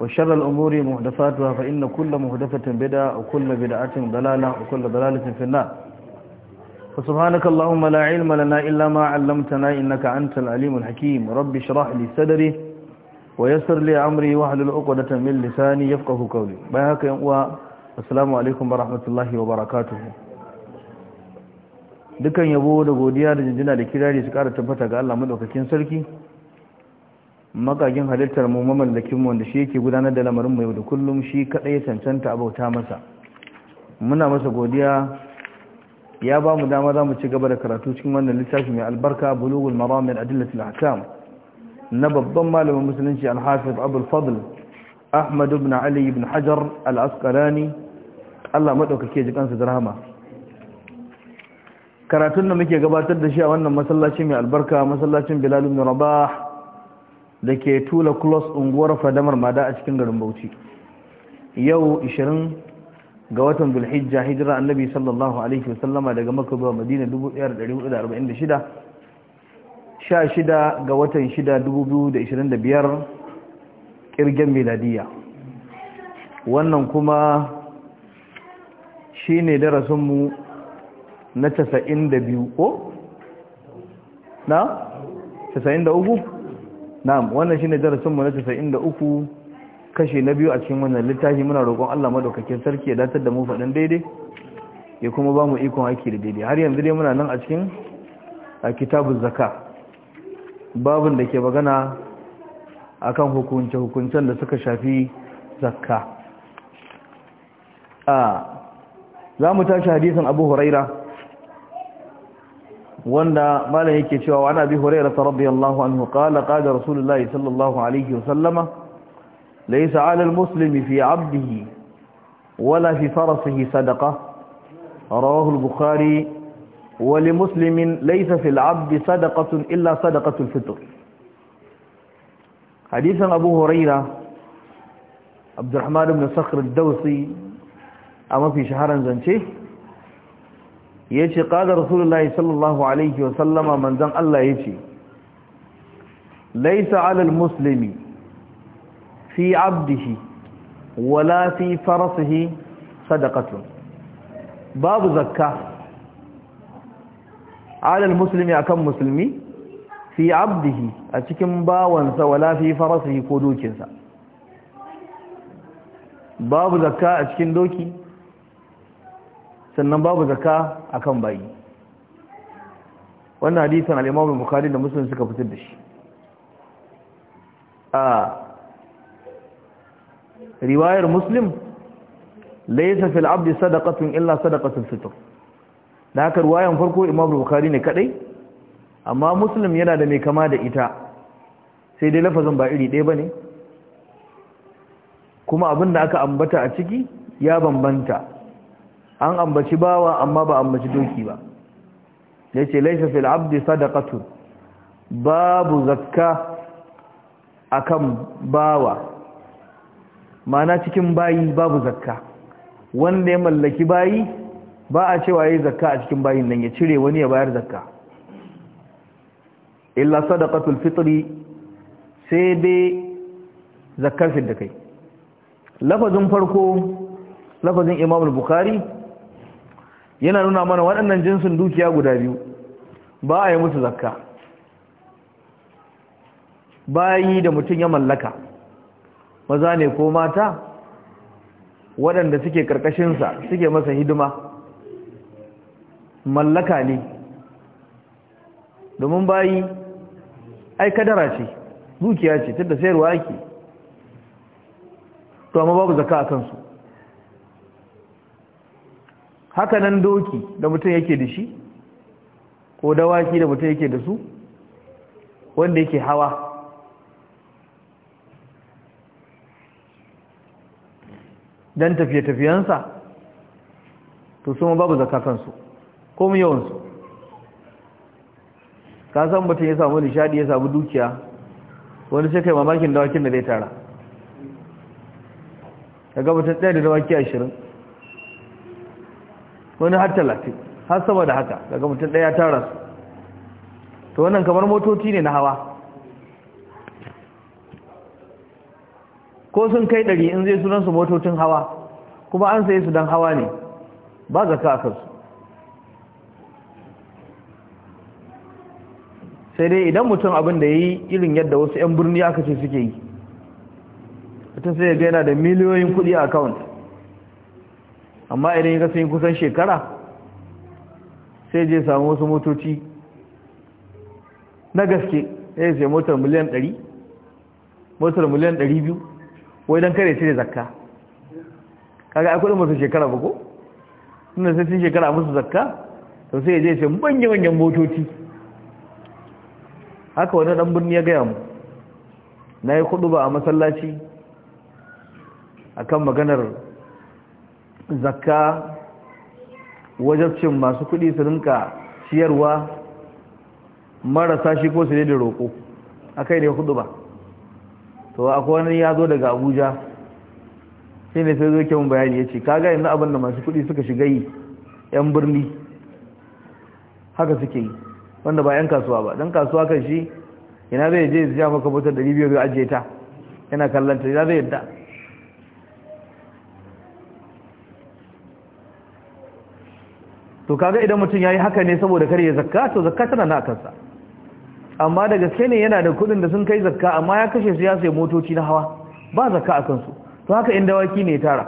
وشر الأمور محدثاتها فإن كل محدثة بدعة وكل بدعة ضلالة وكل ضلالة في النار فسبحانك اللهم لا علم لنا إلا ما علمتنا إنك أنت العليم الحكيم رب اشرح لي صدري ويسر لي أمري واحلل عقدة من لساني يفقه قولي بهاك يا السلام عليكم ورحمة الله وبركاته dukan yabo da godiya da jinjina da kirari su kara tabbata ga Allah madaukakin sarki magagin halittar mu mamallakin mu wanda shi yake gudanar da lamarin mu yau da kullum shi kadai ya cancanta abauta masa muna masa godiya ya ba mu dama za mu ci gaba da karatu cikin wannan littafi mai albarka bulughul maram min adillatil ahkam na babban malamin musulunci al-hafiz abul fadl ahmad ibn ali ibn hajar al-asqalani Allah madaukake ji kansa rahama karatun da muke gabatar da shi a wannan masallacin mai albarka masallacin bilal ibn rabah da ke tula kulos unguwar fadamar mada a cikin garin bauchi yau 20 ga watan bulhijja hijira annabi sallallahu alaihi wasallama daga maka madina 1446 16 ga watan 6 2025 kirgen miladiya wannan kuma shi ne darasinmu na 92 ko? na? 93 na'am wannan shine darasin mu na 93 kashi na biyu a cikin wannan littafi muna roƙon Allah madaukakin sarki ya datar da mu faɗin daidai ya kuma ba mu ikon aiki da daidai har yanzu dai muna nan a cikin a kitabuz zakka babun da ke magana akan hukunce hukuncen da suka shafi zakka a ah, za mu tashi hadisin Abu Huraira wanda malam yake cewa wa ana bi hurairah radiyallahu anhu qala qala rasulullahi sallallahu alaihi wasallama laysa 'ala al-muslimi fi 'abdihi wala fi farasihi sadaqah rawahu al-bukhari wa li muslimin laysa fi al-'abdi sadaqatun illa sadaqatu al-fitr hadithan abu hurairah abdurrahman ibn sakhr al dawsi a mafi shaharan zance ya ce ƙada rasulullahi sallallahu alaihi wa sallama manzan Allah ya ce laisa alal musulmi fi abdihi wala fi farasihi sadakatun. babu zakka alal muslimi akan musulmi fi abdihi a cikin bawansa wala fi farasihi ko dokinsa babu zakka a cikin doki sannan babu zaka akan bayi wannan hadisin al-Imam al-Bukhari da Muslim suka fitar da shi a riwayar Muslim laysa fil 'abdi sadaqatun illa sadaqatul fitr da haka riwayar farko Imam al-Bukhari ne kadai amma Muslim yana da mai kama da ita sai dai lafazin ba iri ɗaya bane kuma abin da aka ambata a ciki ya bambanta an ambaci bawa amma ba ambaci doki ba ya ce laisa fil abdi sadaqatu babu zakka akan bawa mana cikin bayi babu zakka wanda ya mallaki bayi ba a cewa yayi zakka a cikin bayin nan ya cire wani ya bayar zakka illa sadaqatul fitri sai dai zakkar fidda lafazin farko lafazin imam bukhari yana nuna mana waɗannan jinsin dukiya guda biyu ba a yi musu zakka yi da mutum ya mallaka maza ne ko mata waɗanda suke ƙarƙashinsa suke masa hidima mallaka ne domin bayi ai kadara ce dukiya ce da sayarwa ake to amma babu zakka a kansu haka nan doki da mutum yake da shi ko dawaki da mutum yake da su wanda yake hawa don tafiye-tafiyensa to su babu ko komi yawansu ka san mutum ya samu nishadi ya samu dukiya wani sai kai mamakin dawakin da zai tara ga mutum ɗaya da dawaki ashirin wani har talatin har sama da haka daga mutum ɗaya tara su to wannan kamar motoci ne na hawa ko sun kai ɗari in zai sunansu motocin hawa kuma an saye su don hawa ne ba zaka a kansu sai dai idan mutum abin da ya yi irin yadda wasu 'yan birni aka ce suke yi mutum sai ya gaina da miliyoyin kuɗi a akaunt. amma idan ya kasance kusan shekara sai je samu wasu motoci na gaske ya sai motar miliyan 100 motar miliyan 200 wai don kare cire zakka kaga akwai musu shekara ba ko suna sai sun shekara musu zakka to sai ya je sai manyan manyan motoci haka wani dan birni ya gaya mu na yi kudu ba a masallaci akan maganar zakka wajabcin masu kuɗi su rinka ciyarwa marasa shi ko su da roƙo a kai da hudu ba to akwai wani ya zo daga abuja shi ne sai zo ke mun bayani ya ce kaga yanzu abin da masu kuɗi suka shiga yi 'yan birni haka suke yi wanda ba 'yan kasuwa ba don kasuwa kan shi yana zai je ya maka motar 200 ajiye ta yana kallanta yana zai yadda to kaga idan mutum yayi haka ne saboda kare zakka to zakka tana na kansa amma da gaske ne yana da kudin da sun kai zakka amma ya kashe su ya sai motoci na hawa ba zakka a kansu to haka in dawaki ne tara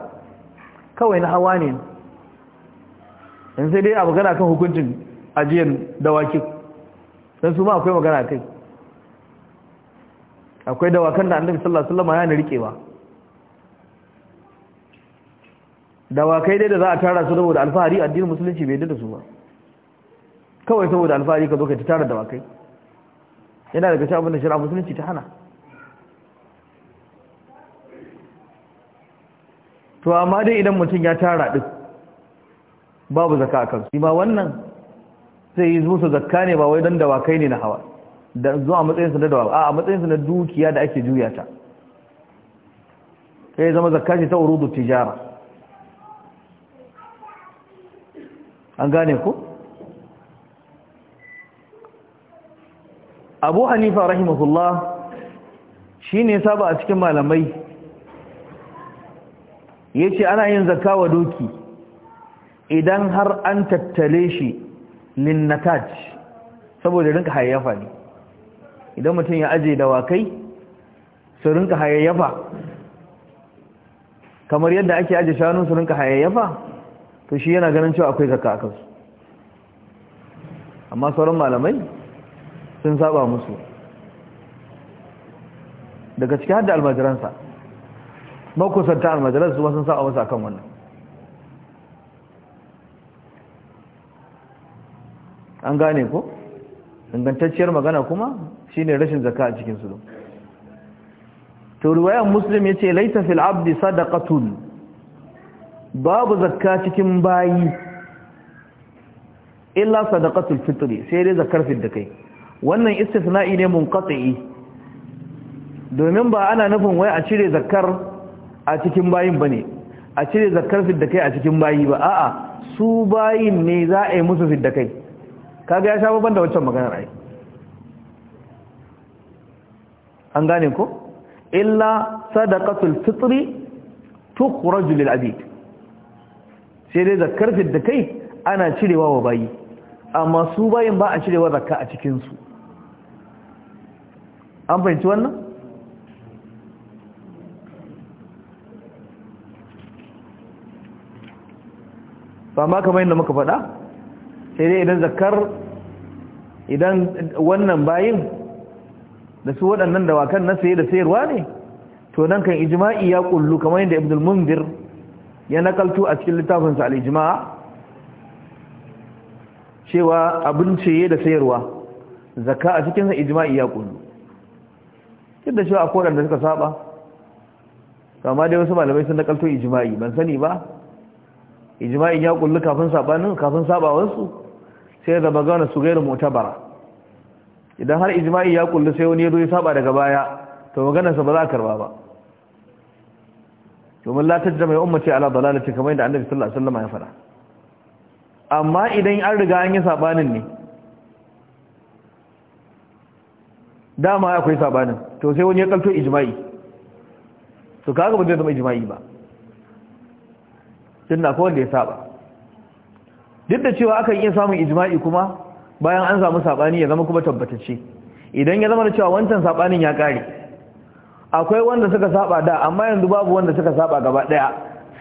kawai na hawa ne in sai dai a magana kan hukuncin ajiyan dawaki dan su ma akwai magana kai akwai dawakan da annabi sallallahu alaihi wasallam ya rikewa dawakai dai da za a tara su saboda alfahari addinin musulunci bai da su ba kawai saboda alfahari ka zo ka tara dawakai yana daga cikin abin da shari'a musulunci ta hana to amma dai idan mutum ya tara din babu zakka akan su ma wannan sai yi musu zakka ne ba wai dan dawakai ne na hawa da a matsayin su na dawa a matsayin su na dukiya da ake juya ta sai zama zakka ce ta urudu tijara an gane ku abu hanifa rahimahullah shi ne saba a cikin malamai ya ce ana yin zakka wa doki idan har an tattale shi linnataj saboda rinka hayayyafa ne idan mutum ya aje wakai su rinka hayayyafa kamar yadda ake aje shanu su rinka hayayyafa to shi yana ganin cewa akwai zakka akan su amma sauran malamai sun saba musu daga ciki hadda almajiransa makusanta almajiransa su sun saba musu akan wannan an gane ko ingantacciyar magana kuma shine rashin zakka a cikin su to ruwayan muslim yace laita fil abdi sadaqatun babu zakka cikin bayi illa sadaqatul fitri sai dai zakar da kai wannan istisna'i ne munqati domin ba ana nufin wai a cire zakar a cikin bayin bane a cire zakar da kai a cikin bayi ba a'a su bayin ne za a yi musu da kai kaga ya sha babban da wancan maganar ai an gane ko illa sadaqatul fitri tukhraju lil abid sai dai zakar da kai ana cirewa wa bayi amma su bayin ba a cirewa zakka a cikinsu an fahimci wannan? ba ma kamar yadda muka faɗa sai dai idan zakar idan wannan bayin da su waɗannan dawakan na saye da sayarwa ne to nan kan ijma'i ya kullu kamar yadda ibn al-munzir ya nakaltu a cikin littafinsa al'ijima'a cewa abinci da sayarwa zakka a cikinsa ijima'i ya kullu da cewa a koran da suka saba kama dai wasu malamai sun nakalto ijima'i ban sani ba ijima'in ya kullu kafin sabanin kafin sabawansu sai da magana su gairu mutabara idan har ijima'i ya kullu sai wani ya zo ya saba daga baya to maganarsa ba za a karba ba domin la tajma ummati ala dalalati kamar yadda annabi sallallahu alaihi wasallam ya faɗa amma idan an riga an yi sabanin ne dama akwai sabanin to sai wani ya kalto ijma'i to kaga ba zai zama ijma'i ba tunda ko wanda ya saba duk da cewa akan iya samun ijma'i kuma bayan an samu sabani ya zama kuma tabbatacce idan ya zama da cewa wancan sabanin ya kare akwai wanda suka saba da amma yanzu babu wanda suka saba gaba daya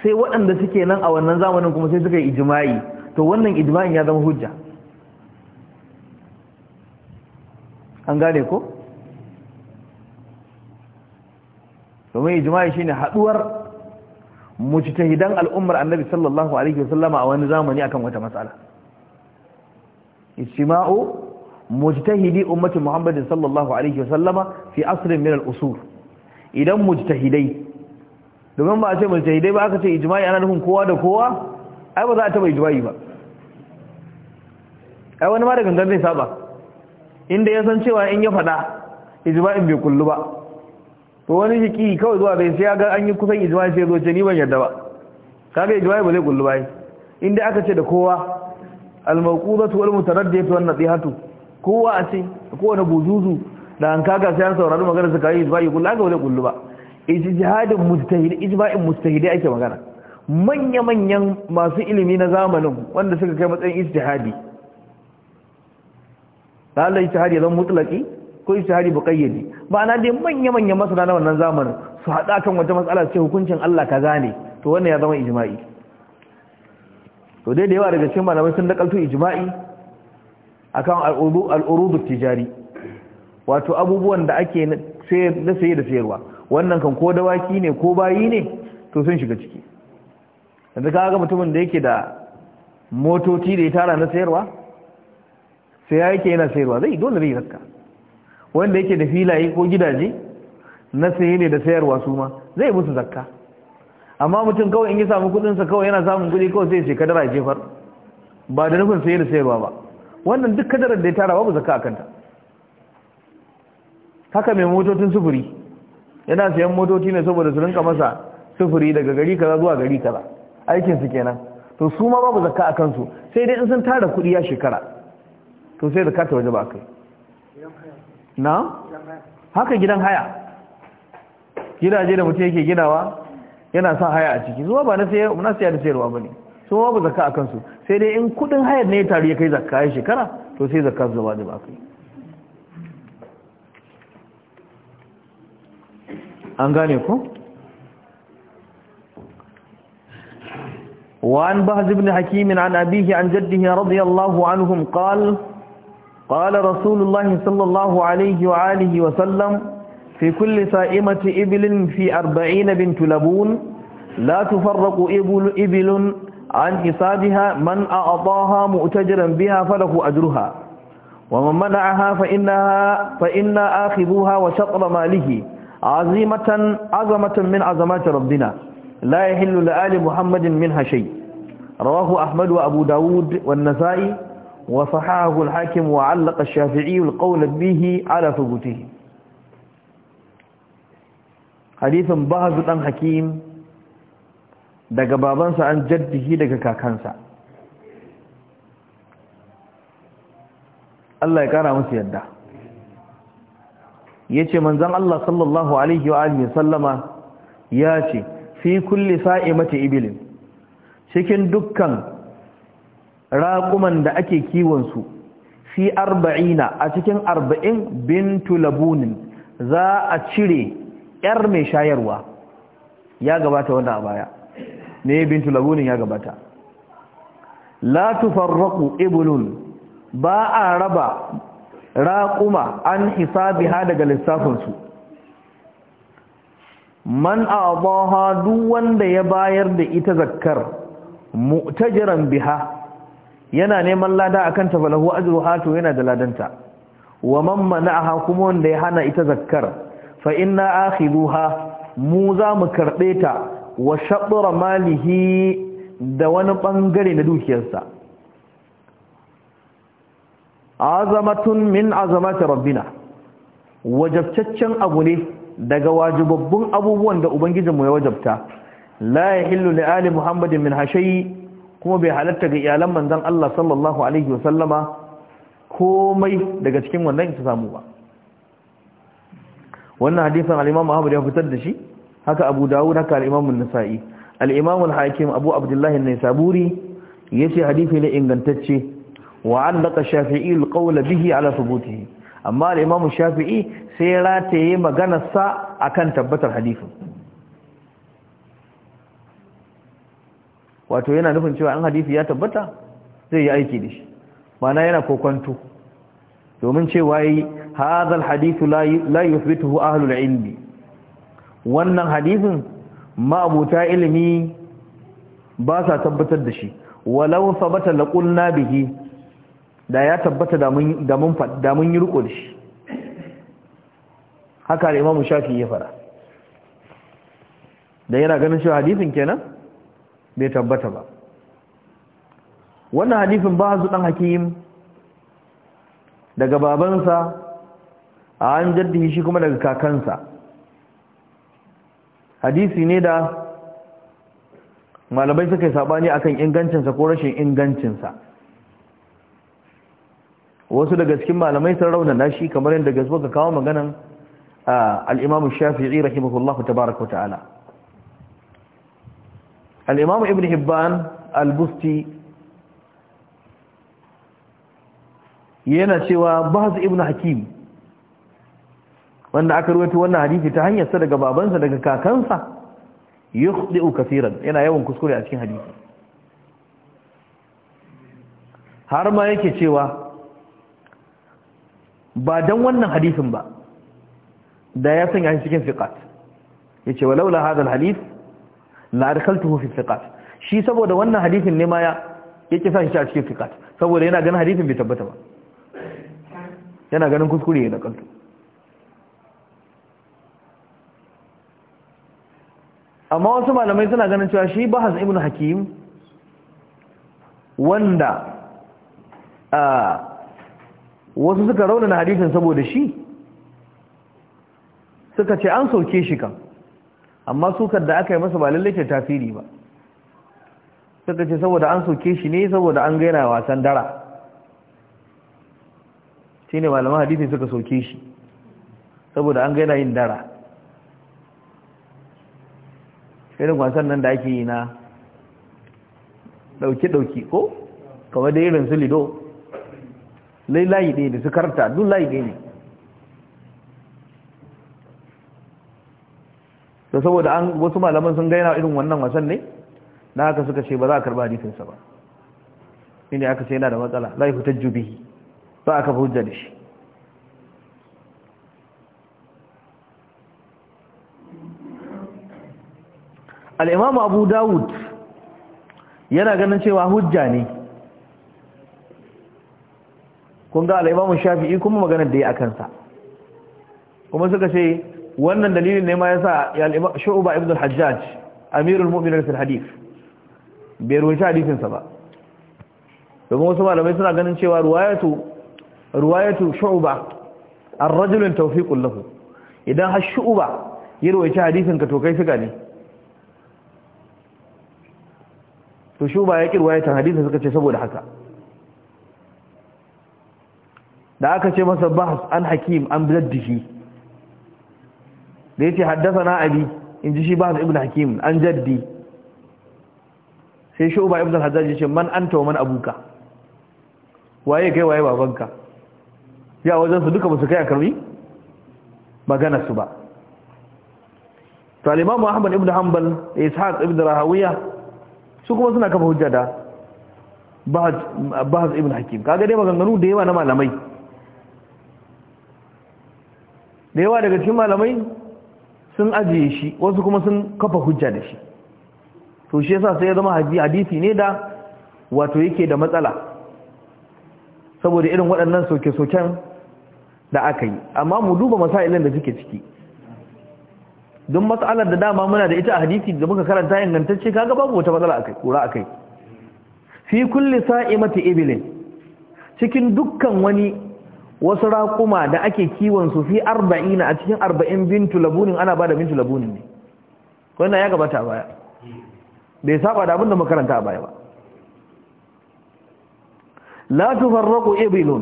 sai waɗanda suke nan a wannan zamanin kuma sai suka yi ijimai to wannan ijimai ya zama hujja an gane ko domin ijma'i shine haɗuwar mujtahidan al'ummar annabi sallallahu alaihi wasallama a wani zamani akan wata matsala ijma'u mujtahidi ummati muhammadin sallallahu alaihi wasallama fi asrin min al-usul idan mujtahidai domin ba a ce mujtahidai ba aka ce ijma'i ana nufin kowa da kowa ai ba za a taba ijma'i ba ai wani ma da gangan zai saba inda ya san cewa in ya faɗa ijma'in bai kullu ba to wani shiki kawai zuwa bai sai ya ga an yi kusan ijma'i sai zo ce ni ban yarda ba kaga ijma'i ba zai kullu ba inda aka ce da kowa al-mawqudatu wal mutaraddiyatu wan nadihatu kowa a ce kowa na buzuzu da an kaga sai an saurari magana su yi isba'i kullu aka wala kullu ba ijtihadin mujtahid isba'in mujtahidi ake magana manya manyan masu ilimi na zamanin wanda suka kai matsayin ijtihadi Allah ijtihadi zan mutlaki ko ijtihadi buqayyadi ma'ana dai manya manyan masana na wannan zamanin su hada kan wata matsala ce hukuncin Allah ka gane to wannan ya zama ijma'i to dai da yawa daga cikin malamai sun dakalto ijma'i akan al urudu al urudu tijari wato abubuwan da ake na saye da sayarwa wannan kan ko dawaki ne ko bayi ne to sun shiga ciki yanzu ka ga mutumin da yake da motoci da ya tara na sayarwa sai ya yake yana sayarwa zai dole zai zakka wanda yake da filaye ko gidaje na saye ne da sayarwa su ma zai musu zakka amma mutum kawai in yi samu kudinsa kawai yana samun kudi kawai sai ya jefar ba da nufin saye da sayarwa ba wannan duk kadarar da ya tara babu zakka a kanta haka mai motocin sufuri yana sayan motoci ne saboda su rinka masa sufuri daga gari kaza zuwa gari kaza aikin su kenan to su ma babu zakka a kansu sai dai in sun tara kuɗi ya shekara to sai zakka ta waje ba kai na haka gidan haya gidaje da mutum yake ginawa yana sa haya a ciki zuwa ba na sayar na sayar da sayarwa bane su ma babu zakka a kansu sai dai in kuɗin hayar ne ya taru ya kai zakka ya shekara to sai zakka su zaba da ba kai an gane ko وعن بهز بن حكيم عن أبيه عن جده رضي الله عنهم قال قال رسول الله صلى الله عليه وآله وسلم في كل سائمة إبل في أربعين بنت لبون لا تفرق إبل, إبل عن حسابها من أعطاها مؤتجرا بها فله أجرها ومن منعها فإنها فإنا آخذوها وشطر ماله azimatan azamatan min azamati rabbina la yahillu li ali muhammadin minha shay rawahu ahmad wa abu daud wa nasai wa sahahahu al-hakim wa 'allaqa ash-shafi'i al-qawl bihi 'ala thubutihi hadithun bahz dan hakim daga babansa an jaddihi daga kakansa Allah ya kara musu yadda yace manzon Allah sallallahu alaihi wa alihi sallama yace fi kulli sa'imati ibilin cikin dukkan raquman da ake kiwon su fi arba'ina a cikin arba'in bintu labunin za a cire yar mai shayarwa ya gabata wanda a baya ne bintu labunin ya gabata la tufarraqu iblun ba a raba raƙuma an hisabiha daga lissafinsu man a'daha duk wanda ya bayar da ita zakkar mu'tajiran biha yana neman lada akan ta falahu ajruha to yana da ladanta wa man mana'aha kuma wanda ya hana ita zakkar fa inna akhiduha mu za mu karbe ta wa shabra malihi da wani bangare na dukiyarsa azamatun min azamati rabbina wajabtaccen abu ne daga wajibabbun abubuwan da ubangijin mu ya wajabta la ya yahillu li ali muhammadin min hashayi kuma bai halatta ga iyalan manzon Allah sallallahu alaihi wasallama komai daga cikin wannan ita samu ba wannan hadisin al-Imam Ahmad ya fitar da shi haka Abu Dawud haka al-Imam an-Nasa'i al-Imam al-Hakim Abu Abdullahi an-Naisaburi yace hadisi ne ingantacce وعلق الشافعي القول به على ثبوته أما shafi'i sai سيراته مغانا الساء أكان tabbatar الحديث wato yana nufin cewa an hadisi ya tabbata zai yi aiki da shi mana yana kokonto domin cewa yi hadal hadithu la yuthbituhu ahlul ilmi wannan hadisin ma'abuta ilimi ba sa tabbatar da shi walau sabata laqulna bihi da ya tabbata da mun yi riko da shi haka da imamu shafi ya fara da yana ganin shi hadifin kenan bai tabbata ba wannan hadifin ba su dan hakim daga babansa a an jaddihi shi kuma daga kakansa hadisi ne da malamai suka yi sabani akan ingancinsa ko rashin ingancinsa wasu daga cikin malamai sun raunana shi kamar yadda gasbo ka kawo maganan al-Imam Shafi'i rahimahullahu tabaaraka ta'ala al Ibn Hibban al-Busti yana cewa Bahz ibn Hakim wanda aka ruwaito wannan hadisi ta hanyarsa sa daga babansa daga kakansa yukhdi'u kaseeran yana yawan kuskure a cikin hadisi har ma yake cewa ba don wannan hadifin ba da ya sanya shi cikin fiqat yace walaula hadha alhadith la adkhaltuhu fi fiqat shi saboda wannan hadifin ne ma ya yake sa shi a cikin fiqat saboda yana ganin hadifin bai tabbata ba yana ganin kuskure ne da kanta amma wasu malamai suna ganin cewa shi bahas ibn hakim wanda a ah, wasu suka raunana hadisin saboda shi suka ce an sauke shi kan amma sukar da aka yi masa ba lallai ce tasiri ba suka ce saboda an sauke shi ne saboda an gaina wasan dara shi ne malaman hadisin suka sauke shi saboda an gaina yin dara irin wasan nan da ake yi na dauke dauke ko kamar da irin su lido lai layi ɗaya da su karanta duk layi ɗaya ne da saboda an wasu malaman sun gaina irin wannan wasan ne na haka suka ce ba za a karba hadisinsa ba shi ne aka ce yana da matsala lai hutar jubihi ba aka fi hujja da shi al'imamu abu dawud yana ganin cewa hujja ne kun ga al'imamu shafi'i kuma maganar da ya a kansa. kuma suka ce wannan dalilin ne ma ya sa shu'uba ibn al-hajjaj amirul mu'minin fil hadith bai ruwaci hadisinsa ba domin wasu malamai suna ganin cewa ruwayatu ruwayatu shu'uba ar-rajulun tawfiqul lahu idan har shu'uba ya ruwaci hadisin to kai suka ne to shu'uba ya ƙi ta hadisin suka ce saboda haka da aka ce masa bahas an hakim an jaddihi da yace haddathana abi in ji shi bahas ibn hakim an jaddi sai shuba ibn al-hajjaj man anta wa man abuka waye kai waye babanka ya wajen su duka musu kai a karbi magana su ba to al-imam ahmad ibn hanbal ishaq ibn rahawiya su kuma suna kafa hujja da bahas ibn hakim kaga dai maganganu da yawa na malamai da yawa daga cikin malamai sun ajiye shi wasu kuma sun kafa hujja da shi to shi yasa sai ya zama hadisi ne da wato yake da matsala saboda irin waɗannan soke-soken da aka yi amma mu duba masailin da suke ciki don matsalar da dama muna da ita a hadisi da muka karanta ingantacce kaga babu wata matsala akai kura akai fi kulli sa'imati ibilin cikin dukkan wani wasu raƙuma da ake kiwon su fi arba'ina a cikin arba'in bintu labunin ana ba da bintu labunin ne wannan ya gabata a baya bai saba da abin da makaranta a baya ba la tufarraqu ibilun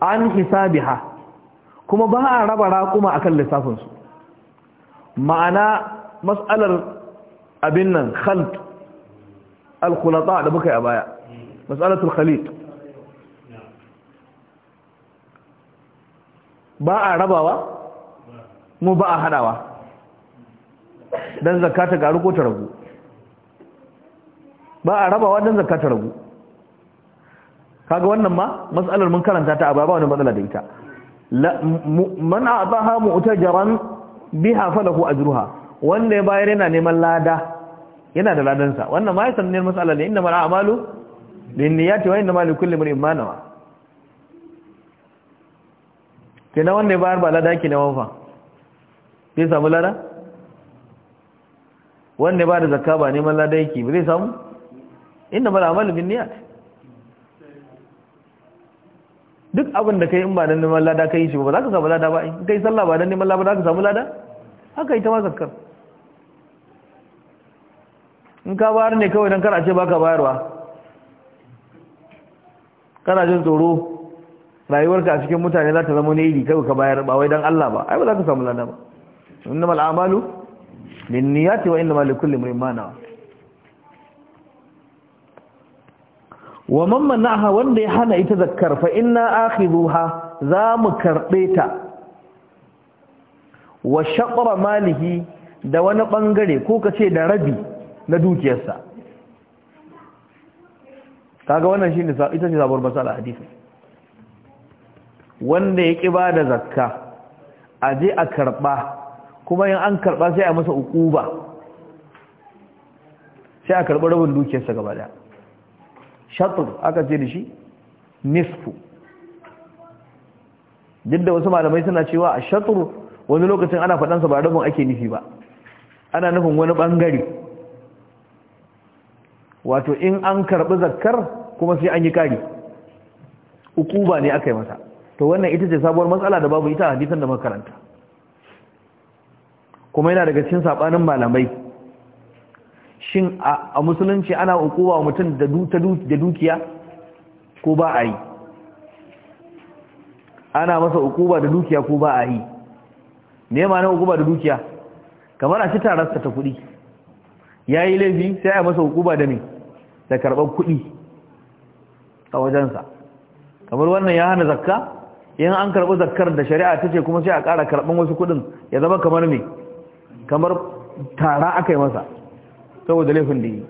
an hisabiha kuma ba a raba raƙuma a kan su ma'ana mas'alar abin nan khalt al-khulata da muka yi a baya mas'alatul khalit ba a rabawa mu ba a hadawa don zakata garu ko ta ragu ba a rabawa don zakata ragu kaga wannan ma matsalar mun karanta ta a ba wani matsala da ita man a tsaha mu'tajaran biha falahu ajruha wanda ya bayar yana neman lada yana da ladansa wannan ma ya sanin matsala ne inda mal a'malu bin niyyati wa inna ma likulli imrin ma nawa ke na wanda ya bayar ba lada ke na wanfa zai samu lada wanda ya ba da zakka ba neman lada yake ba zai samu inda mara amal bin niyat duk abin da kai in ba dan neman lada kai shi ba za ka samu lada ba in kai sallah ba dan neman lada ba za ka samu lada haka ita ma zakkar in ka bayar ne kawai don kar a ce ba ka bayarwa kana jin tsoro rayuwarka a cikin mutane za ta zama ne yi kai ka bayar ba wai dan Allah ba ai ba za ka samu ladaba ba innamal a'malu linniyati wa innamal likulli imrin ma nawa wa man mana'aha wanda ya hana ita zakkar fa inna akhidhuha za mu karbe ta wa shaqra malihi da wani bangare ko ka ce da rabi na dukiyarsa kaga wannan shine ita ce sabuwar masala hadisi wanda ya ƙi ba da zakka a je a karɓa kuma yin an karɓa sai a masa ukuba sai a karɓi rabin dukiyarsa gaba da shatur aka ce da shi nisfu duk da wasu malamai suna cewa a shatur wani lokacin ana faɗansa ba rabin ake nufi ba ana nufin wani ɓangare wato in an karɓi zakkar kuma sai an yi kari ukuba ne aka yi masa to wannan ita ce sabuwar matsala da babu ita a hadisan da makaranta kuma yana daga cikin sabanin malamai shin a musulunci ana hukuma mutum da dukiya ko ba a yi ana masa hukuma da dukiya ko ba a yi me ma na ukuba da dukiya kamar a ci tararsa ta kuɗi ya yi laifi sai a masa hukuma da ne da karɓar kuɗi a wajensa kamar wannan ya hana zakka in an karɓi zakar da shari'a ta ce kuma sai a ƙara karɓin wasu kuɗin ya zama kamar me kamar tara aka yi masa saboda laifin da yi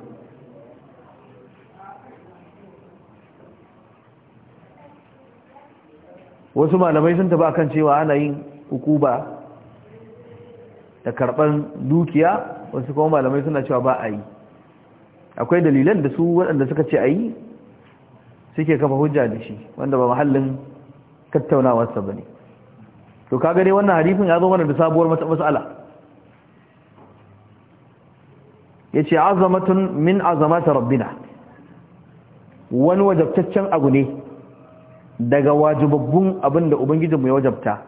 wasu malamai sun taba kan cewa ana yin hukuba da karɓar dukiya wasu kuma malamai suna cewa ba a yi akwai dalilan da su waɗanda suka ce a yi suke kafa hujja da shi wanda ba mahallin tattaunawarsa ba ne to kaga dai wannan harifin ya zo mana da sabuwar masala ya ce azamatun min azamata rabbina wani wajabtaccen abu ne daga wajibabbun abin da mu ya wajabta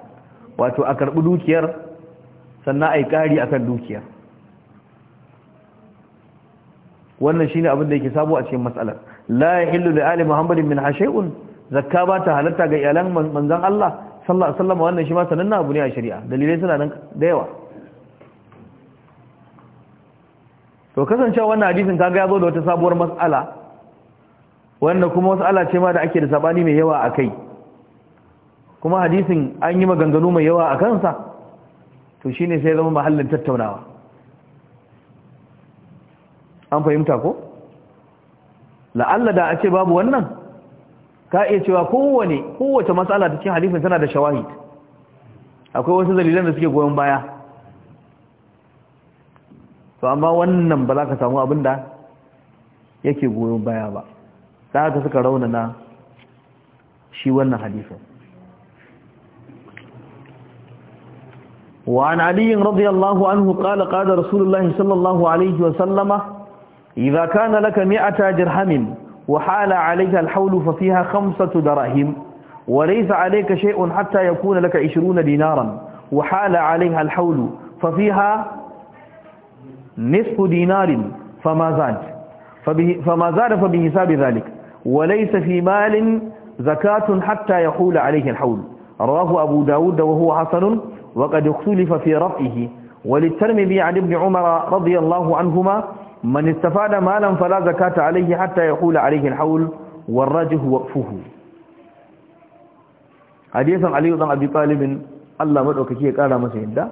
wato a karɓi dukiyar sannan a yi ƙari a kan dukiyar wannan shi ne abin da yake sabo a cikin matsalar la ya hillu da ali muhammadin min hashe'un zakka ba ta halatta ga iyalan manzan Allah sallallahu alaihi wasallam wannan shi ma na abu ne a shari'a dalilai suna nan da yawa to kasancewa wannan hadisin kaga ya zo da wata sabuwar mas'ala wanda kuma mas'ala ce ma da ake da sabani mai yawa akai kuma hadisin an yi maganganu mai yawa a kansa to shine sai zama mahallin tattaunawa an fahimta ko la'alla da a ce babu wannan ka iya cewa kowane kowace matsala da cikin hadisin tana da shawahid akwai wasu dalilan da suke goyon baya to amma wannan ba za ka samu abin da yake goyon baya ba da haka suka raunana shi wannan hadisin وعن علي رضي الله عنه قال قال رسول الله صلى الله عليه وسلم إذا كان لك مئة وحال عليها الحول ففيها خمسة دراهم وليس عليك شيء حتى يكون لك عشرون دينارا وحال عليها الحول ففيها نصف دينار فما زاد فما زاد فبحساب ذلك وليس في مال زكاة حتى يحول عليه الحول رواه أبو داود وهو حسن وقد اختلف في رفعه وللترمذي عن ابن عمر رضي الله عنهما man da malan fala zakata alayhi hatta yaqula alayhi alhawl warajhu waqfuhu hadisin aliyu dan abi talibin Allah madaukaki ya kara masa yadda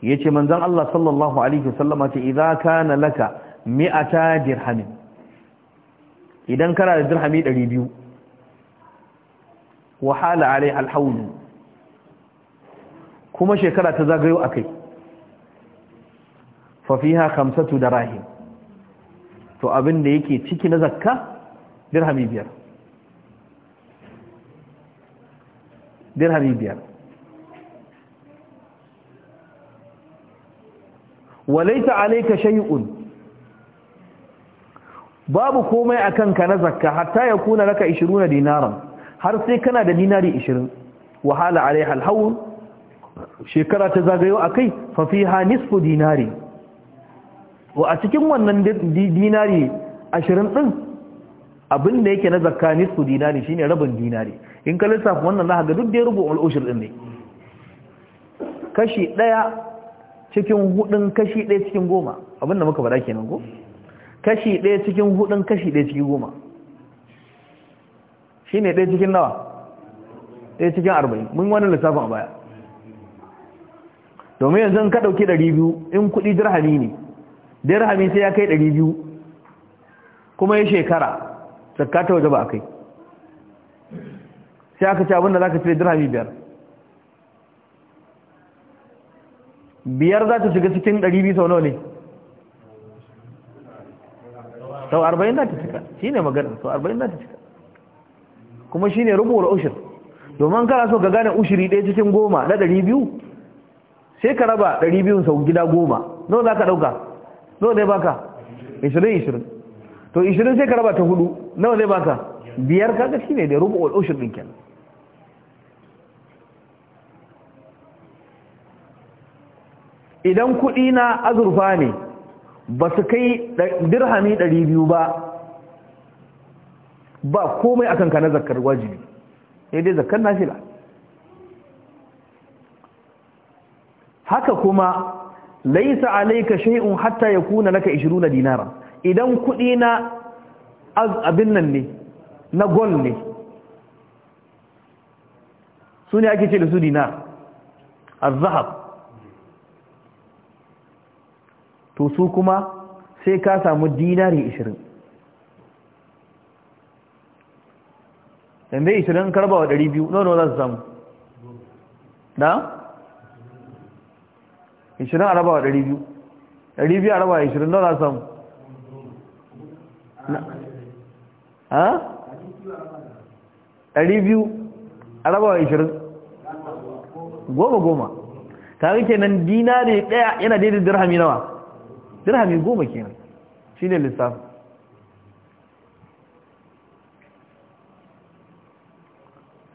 yace manzon Allah sallallahu alaihi wasallama ce idza kana laka mi'ata dirhamin idan kana da dirhami 200 wahala alai alhawl kuma shekara ta zagayo kai. Fafiha, Kamsatu da darahim to abin da yake ciki na zakka dirhami biyar dirhami biyar walaita alayka shay'un babu komai akan ka na zakka hatta ya kuna laka 20 dinaran har sai kana da dinari 20 wahala alaiha alhawl shekara ta zagayo akai fa fiha nisfu dinari to a cikin wannan dinari ashirin ɗin abin da yake na zakka nisfu dinari shine rabin dinari in ka lissafi wannan zaka ga duk da rubu al'ushir ɗin ne kashi ɗaya cikin hudun kashi ɗaya cikin goma abin da muka faɗa kenan ko kashi ɗaya cikin hudun kashi ɗaya cikin goma shine ɗaya cikin nawa ɗaya cikin arba'in mun wani lissafin a baya domin yanzu in ka ɗauki ɗari biyu in kuɗi jirhami ne dirhami sai ya kai ɗari biyu kuma ya shekara zakka ta waje ba a kai sai aka ce abinda za ka cire dirhami biyar biyar za ta shiga cikin ɗari biyu sau nawa ne sau arba'in za ta cika shi ne magana sau arba'in za ta cika kuma shi ne rubuwar ushir domin kana so ka gane ushiri ɗaya cikin goma na ɗari biyu sai ka raba ɗari biyun sau gida goma nawa za ka ɗauka nawa zai baka 20-20 to 20 sai ka raba ta hudu nawa zai baka biyar kaga shi da rubu wal ushir din idan kuɗi na azurfa ne ba su kai dirhami 200 ba ba komai akan kana zakar wajibi sai dai zakar nafila haka kuma laisa alayka shay'un hatta yakuna laka 20 dinara idan kudi na abin nan ne na gol ne su ake ce da su dinar az-zahab to su kuma sai ka samu dinari 20 yanzu 20 karba wa 200 nawa za su samu da 20 a raba wa 200 200 a raba wa 20 nawa za samu ha? 200 a raba wa 20 goma goma tare kenan ne daya yana daidai dirhami nawa dirhami goma kenan shi ne lissafi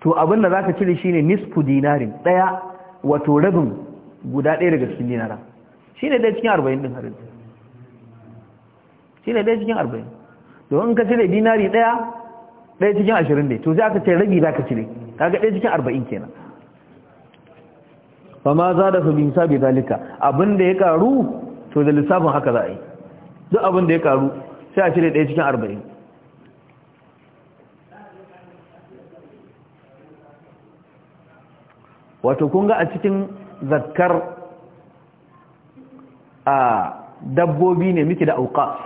to abinda za ka cire shi ne nisfu dinarin daya wato rabin guda ɗaya daga cikin dinara shi ne ɗaya cikin arba'in ɗin harin shi ne ɗaya cikin arba'in domin ka cire dinari ɗaya ɗaya cikin ashirin ne to sai aka ce ragi za ka cire ga ɗaya cikin arba'in kenan ba ma za da su bin sabi zalika abinda ya karu to da lissafin haka za a yi duk abinda ya karu sai a cire ɗaya cikin arba'in wato kun ga a cikin zakar a dabbobi ne muke da auqaf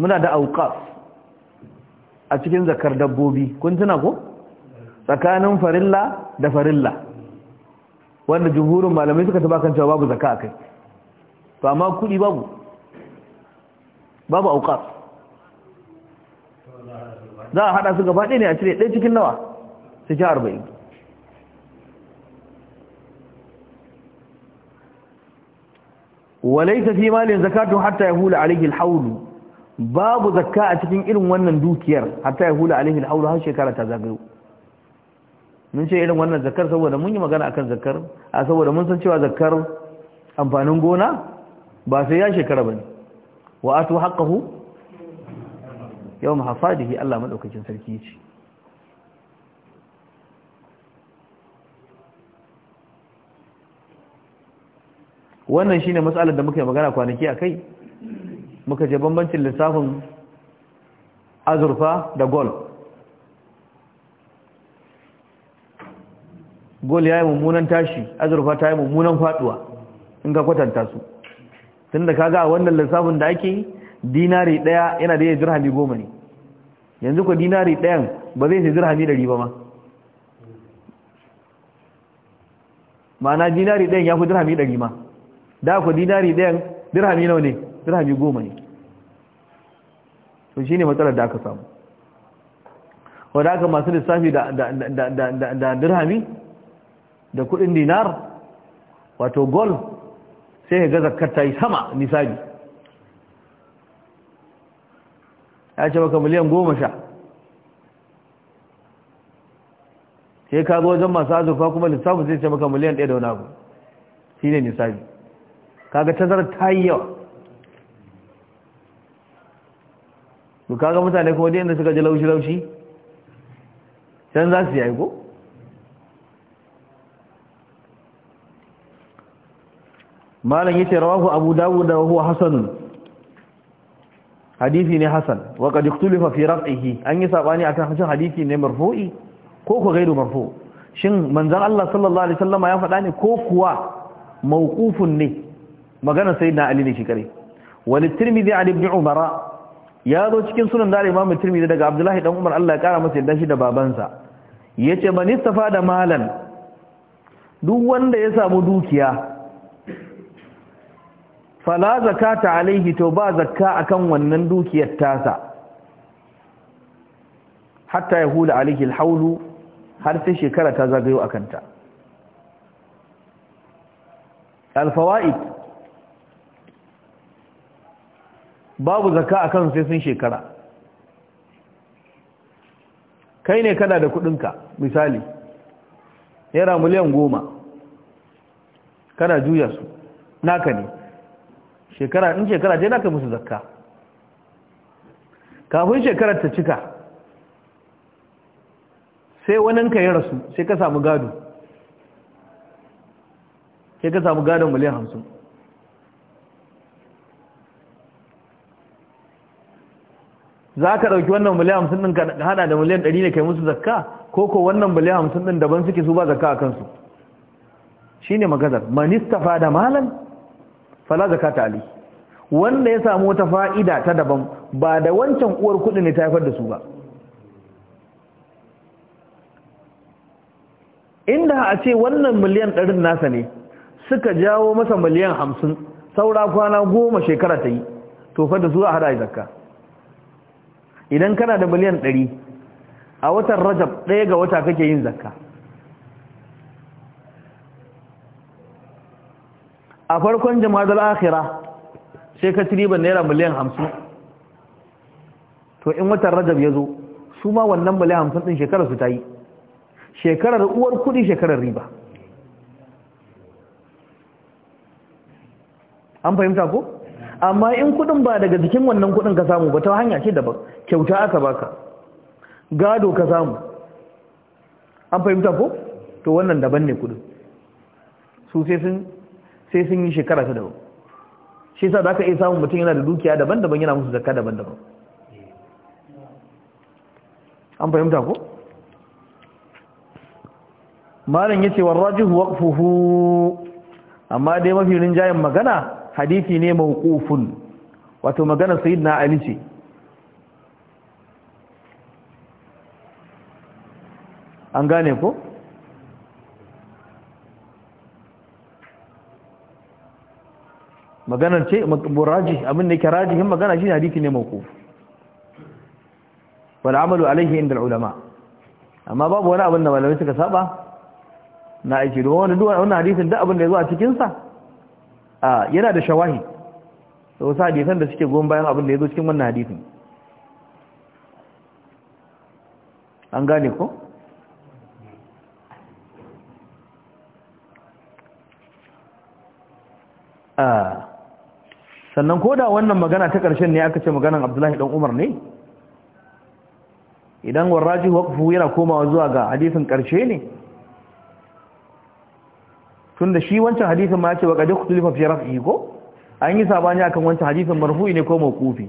muna da auqaf a cikin zakar dabbobi kun tuna ko tsakanin farilla da farilla wanda jumhurin malamai suka taba kan cewa babu zaka akai to amma kudi babu babu auqaf za a hada su gaba ɗaya ne a cire ɗaya cikin nawa cikin arba'in walaysa fi malin zakatu hatta yahula alayhi alhawl babu zakka a cikin irin wannan dukiyar hatta yahula alayhi alhawl har shekara ta zagayo mun ce irin wannan zakar saboda mun yi magana akan zakar a saboda mun san cewa zakar amfanin gona ba sai ya shekara bane wa atu haqqahu yawm hasadihi Allah madaukakin sarki yace wannan shine matsalar da muka yi magana kwanaki a kai muka je bambancin lissafin azurfa da gol gol ya yi mummunan tashi azurfa ta yi mummunan faduwa in ka kwatanta su tun da kaga a wannan lissafin da ake dinari daya yana da ya dirhami goma ne yanzu ko dinari dayan ba zai sai dirhami dari ba ma ma'ana dinari dayan ya fi dirhami dari ma da ku dinari ɗayan dirhami nawa ne dirhami goma ne to shine matsalar da aka samu wadda aka masu lissafi da dirhami da kudin dinar wato gol sai ya gaza kata yi sama nisabi ya ce maka miliyan goma sha sai ka zo wajen masu azurfa kuma lissafi sai ce maka miliyan ɗaya da wani abu shi ne nisabi kaga tazarar ta yi yawa ku kaga mutane kuma da suka ji laushi-laushi can za su yayi ko malam yace rawahu abu dawud da huwa hasan hadisi ne hasan wa qad ikhtulifa fi raf'ihi an yi sabani akan hasan hadisi ne marfu'i ko ko gairu marfu shin manzan Allah sallallahu alaihi wasallama ya faɗa ne ko kuwa mauqufun ne maganar sayyidina ali ne shi kare wani tirmidhi ali ibn umar ya zo cikin sunan da imam tirmidhi daga abdullahi dan umar Allah ya kara masa yadda shi da babansa yace man istafa da malan duk wanda ya samu dukiya fala zakata alaihi to ba zakka akan wannan dukiyar tasa hatta ya hula alaihi alhaulu har sai shekara ta zagayo akanta alfawaid babu zakka a kansu sai sun shekara kai ne kada da kudinka misali naira miliyan goma kada juya su naka ne shekara in shekara je naka musu zakka kafin shekarar ta cika sai waninka ya rasu sai ka samu gado sai ka samu gadon miliyan hamsin za ka ɗauki wannan miliyan hamsin ɗin ka haɗa da miliyan ɗari ne kai musu zakka ko ko wannan miliyan hamsin ɗin daban suke su ba zakka a kansu shi ne magazar manistafa da malam fala zakka ta ali wanda ya samu wata fa'ida ta daban ba da wancan uwar kuɗi ne ta haifar da su ba inda a ce wannan miliyan ɗarin nasa ne suka jawo masa miliyan hamsin saura kwana goma shekara ta yi to fa da su a haɗa zakka idan kana da miliyan ɗari a watan rajab ɗaya ga wata kake yin zakka a farkon jama'ar akhira sai ka ci naira miliyan hamsin to in watan rajab ya zo su ma wannan miliyan hamsin ɗin shekarar su ta yi shekarar uwar kuɗi shekarar riba an fahimta ko? amma in kudin ba daga jikin wannan kudin ka samu ba ta hanya ce daban kyauta aka baka gado ka samu an fahimta ko to wannan daban ne kudin su sai sun yi shekara ta daban shi sa da ka iya samun mutum yana da dukiya daban-daban yana musu zakka daban-daban an fahimta ko malam yace warrajihu waqfuhu amma dai mafi rinjayen magana hadisi ne mawqufun wato magana sayyidina ali ce an gane ko maganar ce buraji abin da ke rajihin magana shi hadisi ne mawquf wal amalu alayhi inda ulama amma babu wani abin da malamai suka saba na aiki don wani duwa wannan hadisin da abin da ya zo a cikin sa yana da shawahi da wasu hadisan da suke goyon bayan abin da ya zo cikin wannan hadisin an gane ko? sannan ko da wannan magana ta ƙarshen ne aka ce maganan abdullahi ɗan umar ne idan warraji waƙafu yana komawa zuwa ga hadisin ƙarshe ne tunda shi wancan hadisin ma ce wa qad ikhtulifa fi raf'i ko an yi sabani akan wancan hadisin marfu'i ne ko mawqufi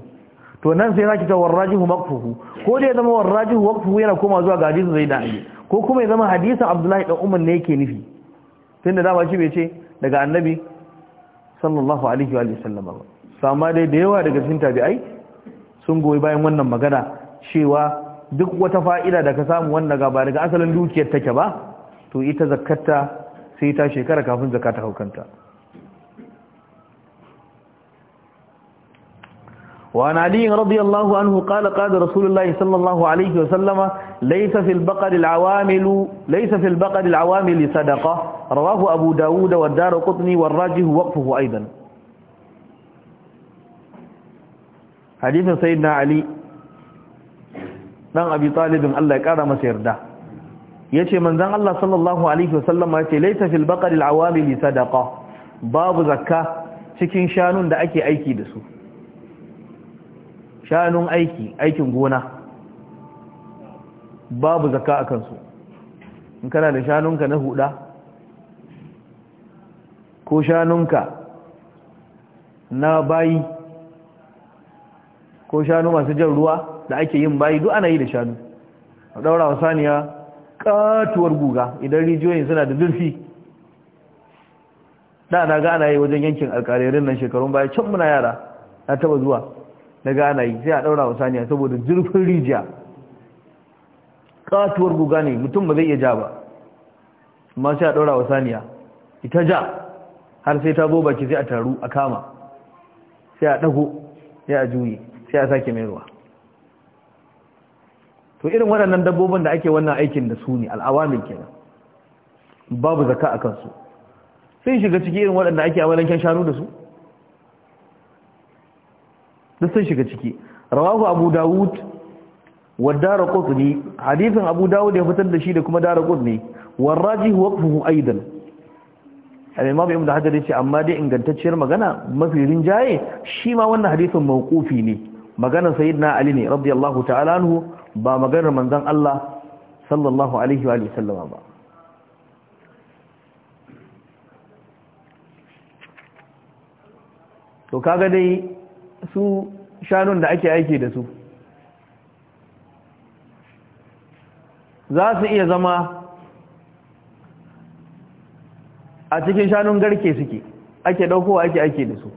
to nan sai ki ta warrajihu maqfuhu ko da ya zama warrajihu waqfuhu yana koma zuwa ga hadisin zai da'i ko kuma ya zama hadisin Abdullahi dan Umar ne ke nufi tunda dama shi bai ce daga annabi sallallahu alaihi wa sallam ba sama dai da yawa daga cikin tabi'ai sun goyi bayan wannan magana cewa duk wata fa'ida da ka samu wannan ga ba daga asalin dukiyar take ba to ita zakkarta sai ta shekara kafin zaka ta haukanta وعن علي رضي الله عنه قال قال رسول الله صلى الله عليه وسلم ليس في البقر العوامل ليس في البقر العوامل صدقة رواه أبو داود والدار قطني والراجه وقفه أيضا حديث سيدنا علي نعم أبي طالب الله كرم سيرده yace manzon Allah sallallahu alaihi wasallam yace laita fil baqaril awamil sadaqa babu zakka cikin shanun da ake aiki da su shanun aiki aikin gona babu zakka akan su in kana da shanunka na huda ko shanunka na bayi ko shanu masu jan ruwa da ake yin bayi duk ana yi da shanu a daura wa saniya katuwar guga idan rijiyoyin suna da zurfi da na gana yi wajen yankin alkalirin nan shekarun baya can muna yara na taba zuwa na gana yi sai a daura wa saniya saboda zurfin rijiya katuwar guga ne mutum ba zai iya ja ba amma sai a daura wa saniya ita ja har sai ta zo baki sai a taru a kama sai a dago sai a juye sai a sake mai ruwa to irin waɗannan dabbobin da ake wannan aikin da su ne al'awamin kenan babu zaka a kansu sun shiga ciki irin waɗanda ake amalanken shanu da su duk sun shiga ciki rawahu abu dawud wa dara qutni Hadifin abu dawud ya fitar da shi da kuma dara qutni warrajih waqfuhu aidan al-imam ibn hajar ce amma dai ingantacciyar magana mafi rinjaye shi ma wannan hadithin mawqufi ne maganar sayyidina ali ne radiyallahu ta'ala anhu ba maganar manzan Allah sallallahu alaihi wa sallama ba to kaga dai su shanun da ake aiki da su za su iya zama a cikin shanun garke suke ake daukowa ake aiki da su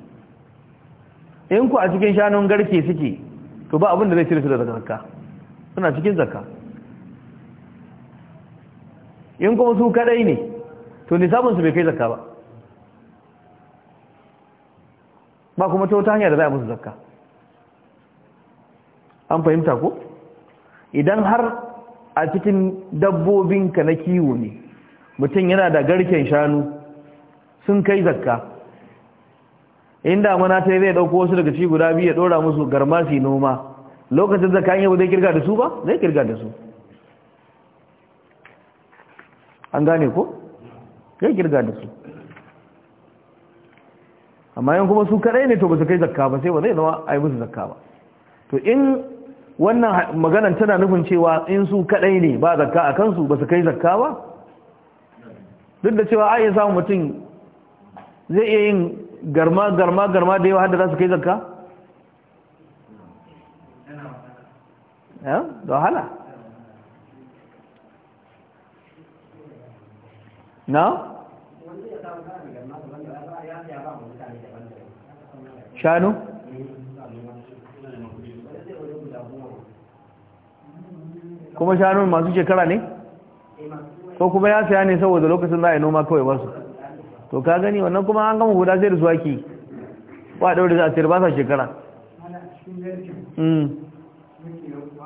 in ku a cikin shanun garke suke to ba abin da zai cire su da zakarka. suna cikin zakka in kuma su kadai ne to nisabinsu bai kai zakka ba ba kuma ta wata hanya da za a musu zakka an fahimta ko idan har a cikin dabbobinka na kiwo ne mutum yana da garken shanu sun kai zakka inda mana ta yi zai dauko wasu daga ci guda biyu ya dora musu garmasi noma lokacin zakayin yau zai kirga da su ba zai kirga da su an gane ko zai kirga da su amma yan kuma su kadai ne to ba su kai zakka ba sai ba zai zama a yi musu zakka ba to in wannan maganan tana nufin cewa in su kadai ne ba zakka a kansu ba su kai zakka ba duk da cewa ayin samun mutum zai iya yin garma garma garma da yawa hada za su kai zakka da wahala na? shanu? kuma shanu masu shekara ne? ko kuma ya saya ne saboda lokacin za a yi noma kawai basu to ka gani wannan kuma an gama guda sai da su ba a daure za a sayar ba sa shekara hmm.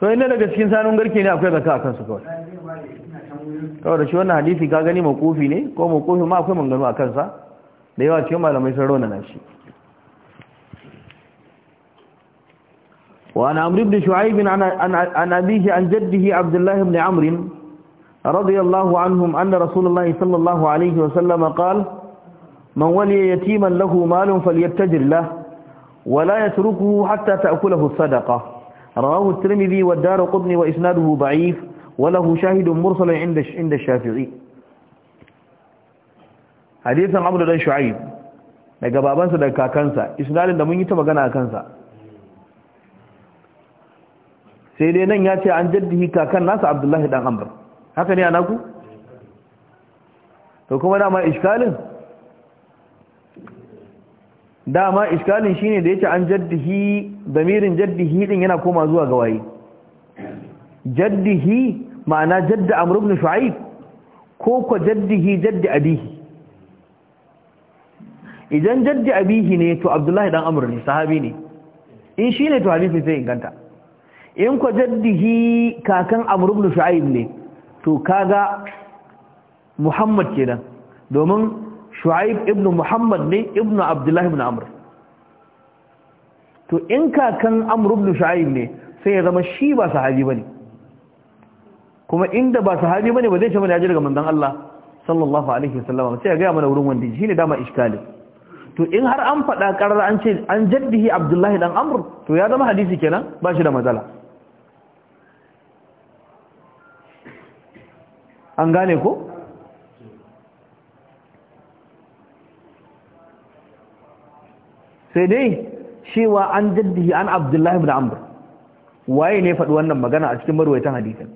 to inda daga cikin sanun garke ne akwai zaka akan su kawai kawai da shi wannan hadisi ka gani makufi ne ko makufi ma akwai mangano a kansa da yawa cikin malamai sun rona nashi وعن عمرو بن شعيب عن عن أبيه عن جده عبد الله بن عمرو رضي الله عنهم أن رسول الله صلى الله عليه وسلم قال من ولي يتيما له مال فليبتجر له ولا يتركه حتى تأكله الصدقة رواه الترمذي والدار قطن وإسناده ضعيف وله شاهد مرسل عند الشافعي حديثا عبد الله شعيب daga babansa daga kakansa isnadin da mun yi ta magana a kansa sai dai nan ya ce an jaddihi kakan nasa abdullahi dan amr haka ne naku? to kuma dama iskalin dama iskalin shine da yake an jaddihi damirin jaddihi din yana koma zuwa ga waye jaddihi ma'ana jadda amr ibn shu'aib ko ko jaddihi jaddi abihi idan jaddi abihi ne to abdullahi dan amr ne sahabi ne in shine to hadisi sai inganta in ko jaddihi kakan amr ibn shu'aib ne to kaga muhammad kenan domin shu'aib ibn muhammad ne ibn abdullahi ibn amr to in kakan amr ibn shu'aib ne sai ya zama shi ba sahabi bane kuma inda ba sahabi bane ba zai ce mana yaji daga manzon Allah sallallahu alaihi wasallam sai ya ga mana wurin wanda shine dama iskali to in har an faɗa ƙarar an ce an jaddihi abdullahi dan amr to ya zama hadisi kenan ba shi da matsala an gane ko sai dai cewa an jaddihi an abdullahi ibn amr waye ne faɗi wannan magana a cikin marwayatan hadisin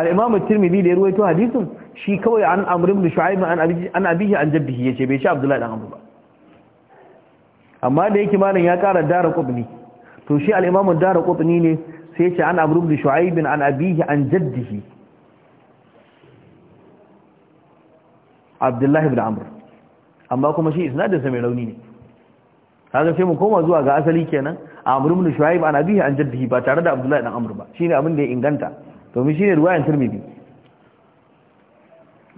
al-imam at-tirmidhi da ya ruwaito hadisin shi kawai an amr ibn shu'aib an abihi an abihi an jaddihi yace bai shi abdullahi bin amr ba amma da yake malam ya ƙara dara qubni to shi al-imam dara qubni ne sai yace an amr ibn shu'aib an abihi an jaddihi abdullahi ibn amr amma kuma shi isnadinsa mai rauni ne kaga sai mu koma zuwa ga asali kenan amr ibn shuaib ana abihi an jaddihi ba tare da abdullahi dan amr ba shine abin da ya inganta domin shine riwayan tirmidhi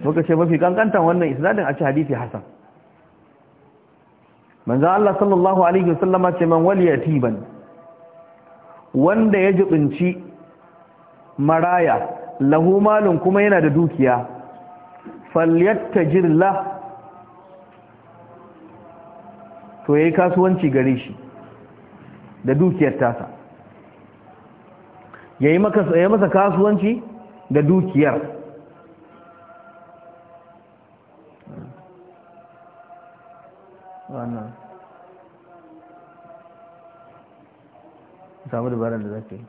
muka ce mafi kankantan wannan isnadin a ci hadisi hasan manzo Allah sallallahu alaihi wasallama ce man wali yatiban wanda ya jibinci maraya lahu malun kuma yana da dukiya falyattajir to ya yi kasuwanci gare shi da dukiyar tasa ya yi masa kasuwanci da dukiyar wannan samu dabaran da zaka yi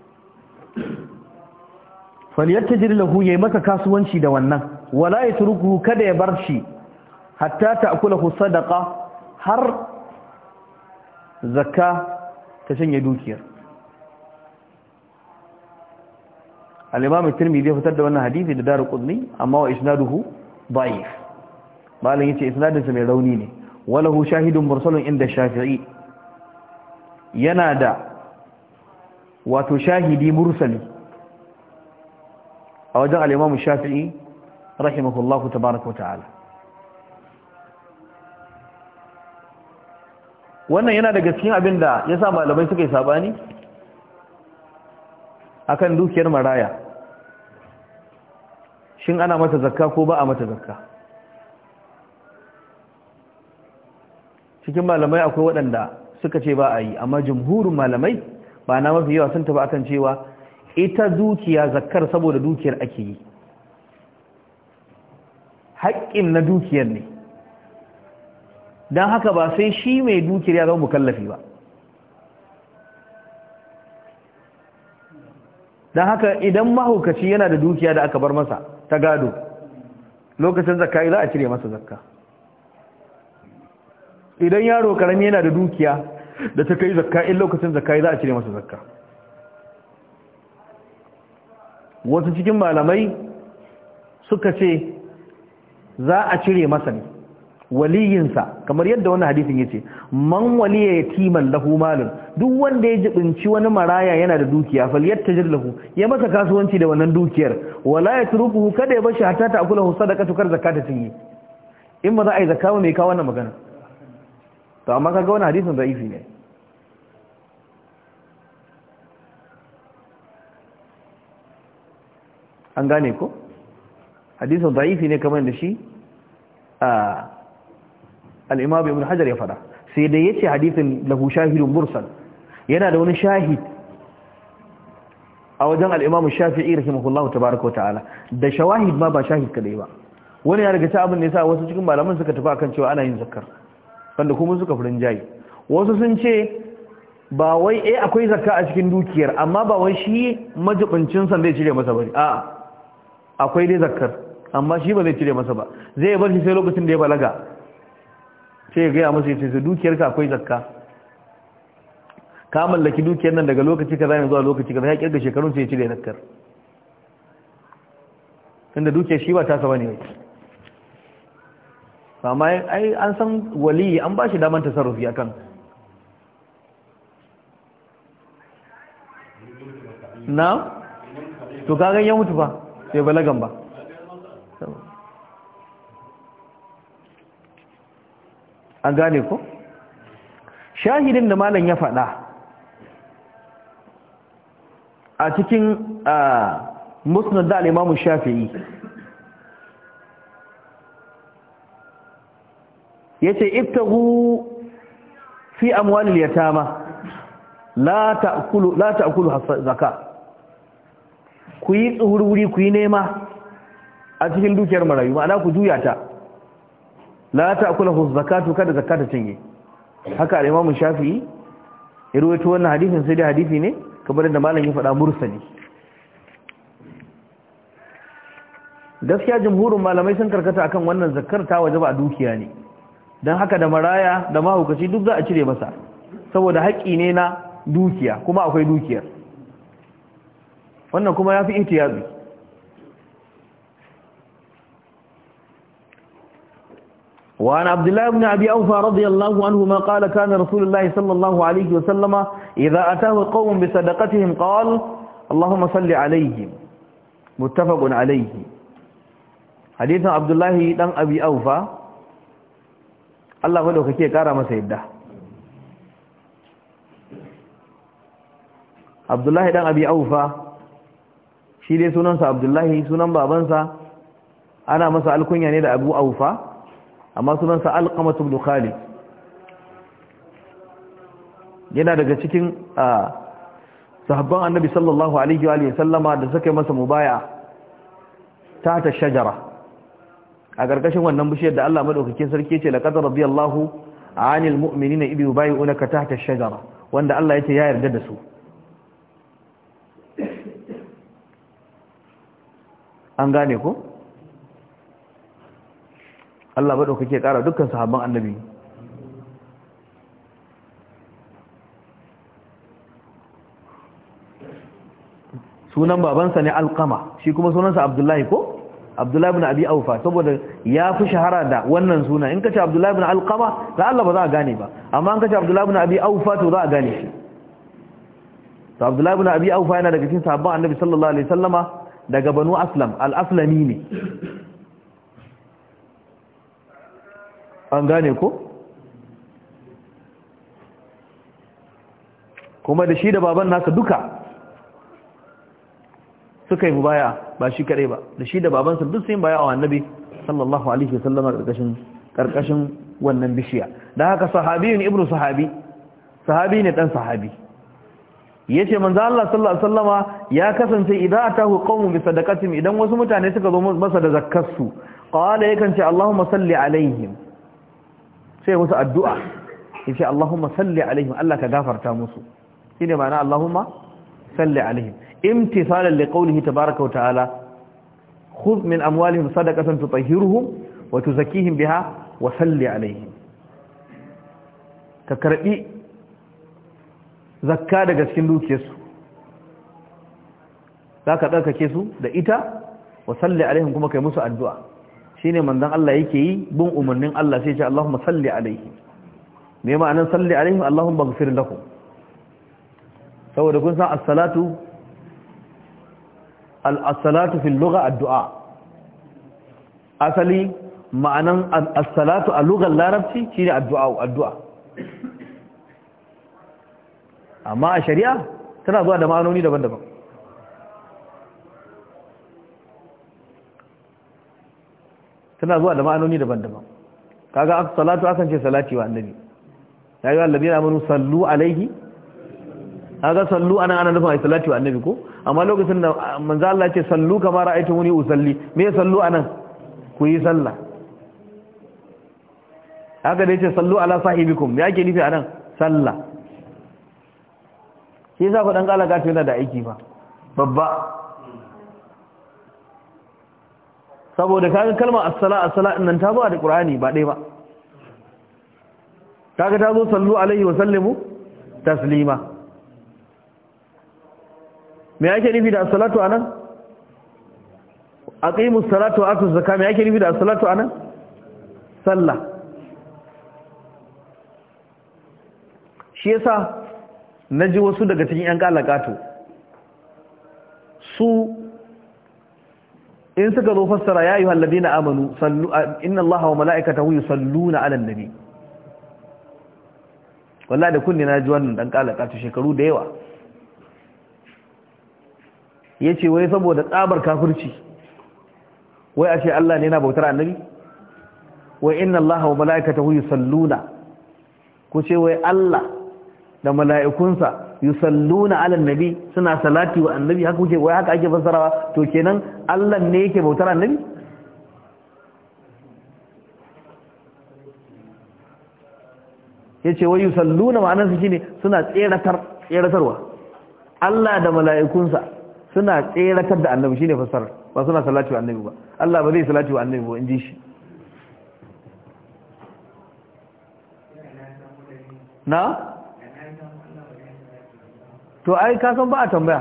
falyattajir lahu yi masa kasuwanci da wannan wala ya yatruku kada ya bar shi hatta ku sadaka har zakka ta shanye dukiyar al-imam at-tirmidhi ya fitar da wannan hadisi da daru qudni amma wa isnaduhu da'if malan yace isnadin sa mai rauni ne walahu shahidun mursalun inda shafi'i yana da wato shahidi mursali a wajen al-imam shafi'i rahimahullahu tabaaraka wa ta'ala wannan yana daga cikin abin da ya sa malamai suka yi sabani akan dukiyar maraya shin ana mata zakka ko ba a mata zakka cikin malamai akwai waɗanda suka ce ba a yi amma jumhurin malamai ba na mafi yawa sun taba akan cewa ita dukiya zakkar saboda dukiyar ake yi haƙƙin na dukiyar ne don haka ba sai shi mai dukiya ya zama mukallafi ba don haka idan mahaukaci yana da dukiya da aka bar masa ta gado lokacin zakka za a cire masa zakka idan yaro karami yana da dukiya da ta kai zakka in lokacin zakka za a cire masa zakka wasu cikin malamai suka ce za a cire masa ne waliyinsa kamar yadda wannan hadisin yace man waliya yatiman lahu malun duk wanda ya jibinci wani maraya yana da dukiya fal yattajir lahu ya masa kasuwanci da wannan dukiyar wala yatrukuhu kada ya bashi hatta ta akulahu sadaqatu kar zakata tinyi in ba za a yi zakawa mai kawo wannan magana to amma kaga wannan hadisin da'ifi ne an gane ko hadisin da'ifi ne kamar da shi a al’imabu ibn hajar ya fada sai dai ce hadisin lahu shahidun mursal yana da wani shahid a wajen al-imam shafi'i rahimahullahu tabaraka ta'ala da shawahid ma ba shahid kadai ba wani ya riga ta abin ya sa wasu cikin malaman suka tafi akan cewa ana yin zakar wanda kuma suka furin jayi wasu sun ce ba wai eh akwai zakka a cikin dukiyar amma ba wai shi majibincin san zai cire masa ba a'a akwai dai zakkar amma shi ba zai cire masa ba zai bar shi sai lokacin da ya balaga sai ya gaya musu ya ce dukiyarka akwai zakka ka mallaki dukiyar nan daga lokaci ka zai zuwa lokaci ka ya kirga shekarun sai ya cire zakkar inda dukiyar shi ba ta saba ne amma ai an san wali an ba shi daman tasarrufi akan na to kagan ya mutu ba sai balagan ba an gane ko shahidin da malam ya faɗa a cikin musnad da al-imam shafi'i yace ibtagu fi amwalil yatama la ta'kulu la ta'kulu zakat ku yi tsuhurwuri ku yi nema a cikin dukiyar marayu ma'ana ku juya ta la hu zakatu kada zakata cinye haka al imamu Shafi'i ya ruwaito wannan hadisin sai dai hadisi ne kamar da malam ya faɗa mursali gaskiya jumhurin malamai sun karkata akan wannan zakar ta wajaba a dukiya ne dan haka da maraya da mahaukaci duk za a cire masa saboda haƙƙi ne na dukiya kuma akwai dukiyar wannan kuma yafi ihtiyazi وعن عبد الله بن أبي أوفى رضي الله عنهما قال كان رسول الله صلى الله عليه وسلم إذا أتاه قوم بصدقتهم قال اللهم صل عليهم متفق عليه حديث عبد الله بن أبي أوفى الله ولو كي كرم سيده عبد الله بن أبي أوفى shi dai sunansa abdullahi sunan babansa ana masa alkunya ne da abu aufa amma sunansa alqamatu ibn khalid yana daga cikin sahabban annabi sallallahu alaihi wa sallama da suka masa mubaya ta ta shajara a gargashin wannan bishiyar da Allah madaukakin sarki ce laqad radiyallahu anil mu'minina idh yubayyi'unaka tahta ash-shajara wanda Allah yake ya yarda da su an gane ko Allah ba kake kara dukkan sahabban annabi sunan babansa ne alƙama shi kuma sunansa abdullahi ko abdullahi bin abi aufa saboda ya fi shahara da wannan suna in kace abdullahi bin alƙama da Allah ba za a gane ba amma in kace abdullahi bin abi aufa to za a gane shi to abdullahi bin abi aufa yana daga cikin sahabban annabi sallallahu alaihi sallama daga banu aslam al-aslami ne an gane ko kuma da shi da baban nasa duka suka yi mubaya ba shi kadai ba da shi da babansa duk sun baya wa annabi sallallahu alaihi wasallam karkashin karkashin wannan bishiya dan haka sahabiyun ibnu sahabi sahabi ne dan sahabi yace manzo Allah sallallahu alaihi wasallama ya kasance idan atahu qaumun bi sadaqatin idan wasu mutane suka zo masa da zakkarsu qala yakan ce Allahumma salli alaihim sai musu addu'a yace Allahumma salli alaihim Allah ka gafarta musu shine ma'ana Allahumma salli alaihim imtisalan liqawlihi tabaaraka wa ta'ala khudh min amwalihim sadaqatan tutahhiruhum wa tuzakkihim biha wa salli alaihim ka karbi zakka daga cikin dukiyarsu zaka tsarkake su da ita wa salli alaihim kuma kai musu addu'a shine manzan Allah yake yi bin umarnin Allah sai ya ce Allahumma salli alaihi me ma'anar salli alaihi Allahumma ighfir lahu saboda kun san as-salatu al-salatu fil lugha addu'a asali ma'anan as-salatu a lugar larabci shine addu'a addu'a amma a shari'a tana zuwa da ma'anoni daban-daban suna zuwa da ma'anoni daban-daban kaga salatu akan ce salati wa annabi ya yi wallabi na amanu sallu alaihi kaga sallu anan ana nufin salati wa annabi ko amma lokacin da manzo Allah ce sallu kama ra'aytumuni usalli me sallu anan ku yi salla. haka dai yace sallu ala sahibikum me yake nufi anan Salla. shi yasa ku dan kala gato yana da aiki fa babba saboda kaga kalmar as-sala as-sala nan ta zo a Qur'ani ba dai ba kaga ta zo sallu alaihi wa sallimu taslima me yake nufi da as-salatu anan aqimu as-salatu wa atu az-zakata me yake nufi da as-salatu anan sallah shi yasa naji wasu daga cikin yan kalakatu su in suka zo fassara ya yi hallabi na amanu inna Allah wa ta huyi ala nabi wallahi da kunne na ji wannan dan kalaka ta shekaru da yawa Ya ce wai saboda tsabar kafirci wai a ce Allah ne na bautar annabi wai inna Allah wa sallu na ku ce wai Allah da mala'ikunsa yusalluna ala nabi suna salati wa annabi haka kuke wai haka ake fassarawa to kenan Allah ne yake bautar annabi yace wai yusalluna ma'anar su shine suna tseratar tseratarwa Allah da mala'ikunsa suna tseratar da annabi shine fassarar ba suna salati wa annabi ba Allah ba zai salati wa annabi ba inji shi na to ai ka san ba a tambaya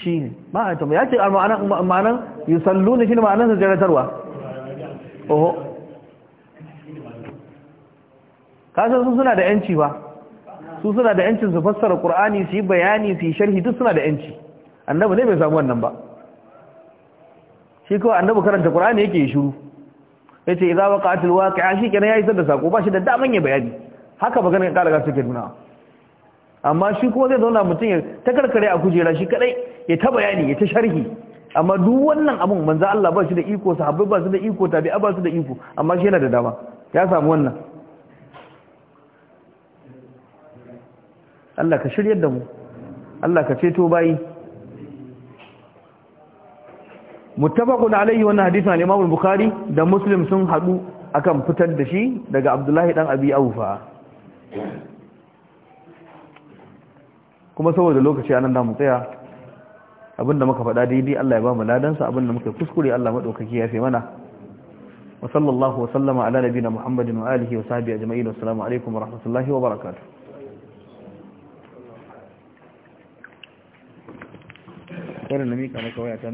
shi ne ba a tambaya ya ce ma'anan sallu ne shi ne ma'anan sajaratarwa oho ka san suna da yanci ba su suna da yancin su fassara ƙur'ani su yi bayani su yi sharhi duk suna da yanci annabu ne bai samu wannan ba shi kawai annabu karanta ƙur'ani yake shiru yace idza waqa'atil waqi'a shi kenan yi sadda sako ba shi da daman ya bayani haka ba ganin kalaga suke nuna amma shi kuma zai zauna mutum ya ta karkare a kujera shi kadai ya ta bayani ya ta sharhi amma duk wannan abun manzo Allah ba shi da iko sahabbai ba su da iko tabi'a ba su da iko amma shi yana da dama ya samu wannan Allah ka shiryar da mu Allah ka ceto bayi muttafaqun alayhi wannan hadisin al-Imam al-Bukhari da Muslim sun hadu akan fitar da shi daga Abdullahi dan Abi Awfa kuma saboda lokaci anan da mu tsaya abinda muka faɗa daidai Allah ya ba mu ladansa abinda muka kuskure Allah madaukaki ya fi mana wa sallallahu wa sallama ala nabina Muhammadin wa alihi wa sahbihi ajma'in assalamu alaikum wa rahmatullahi wa barakatuh kare na mika maka waya ta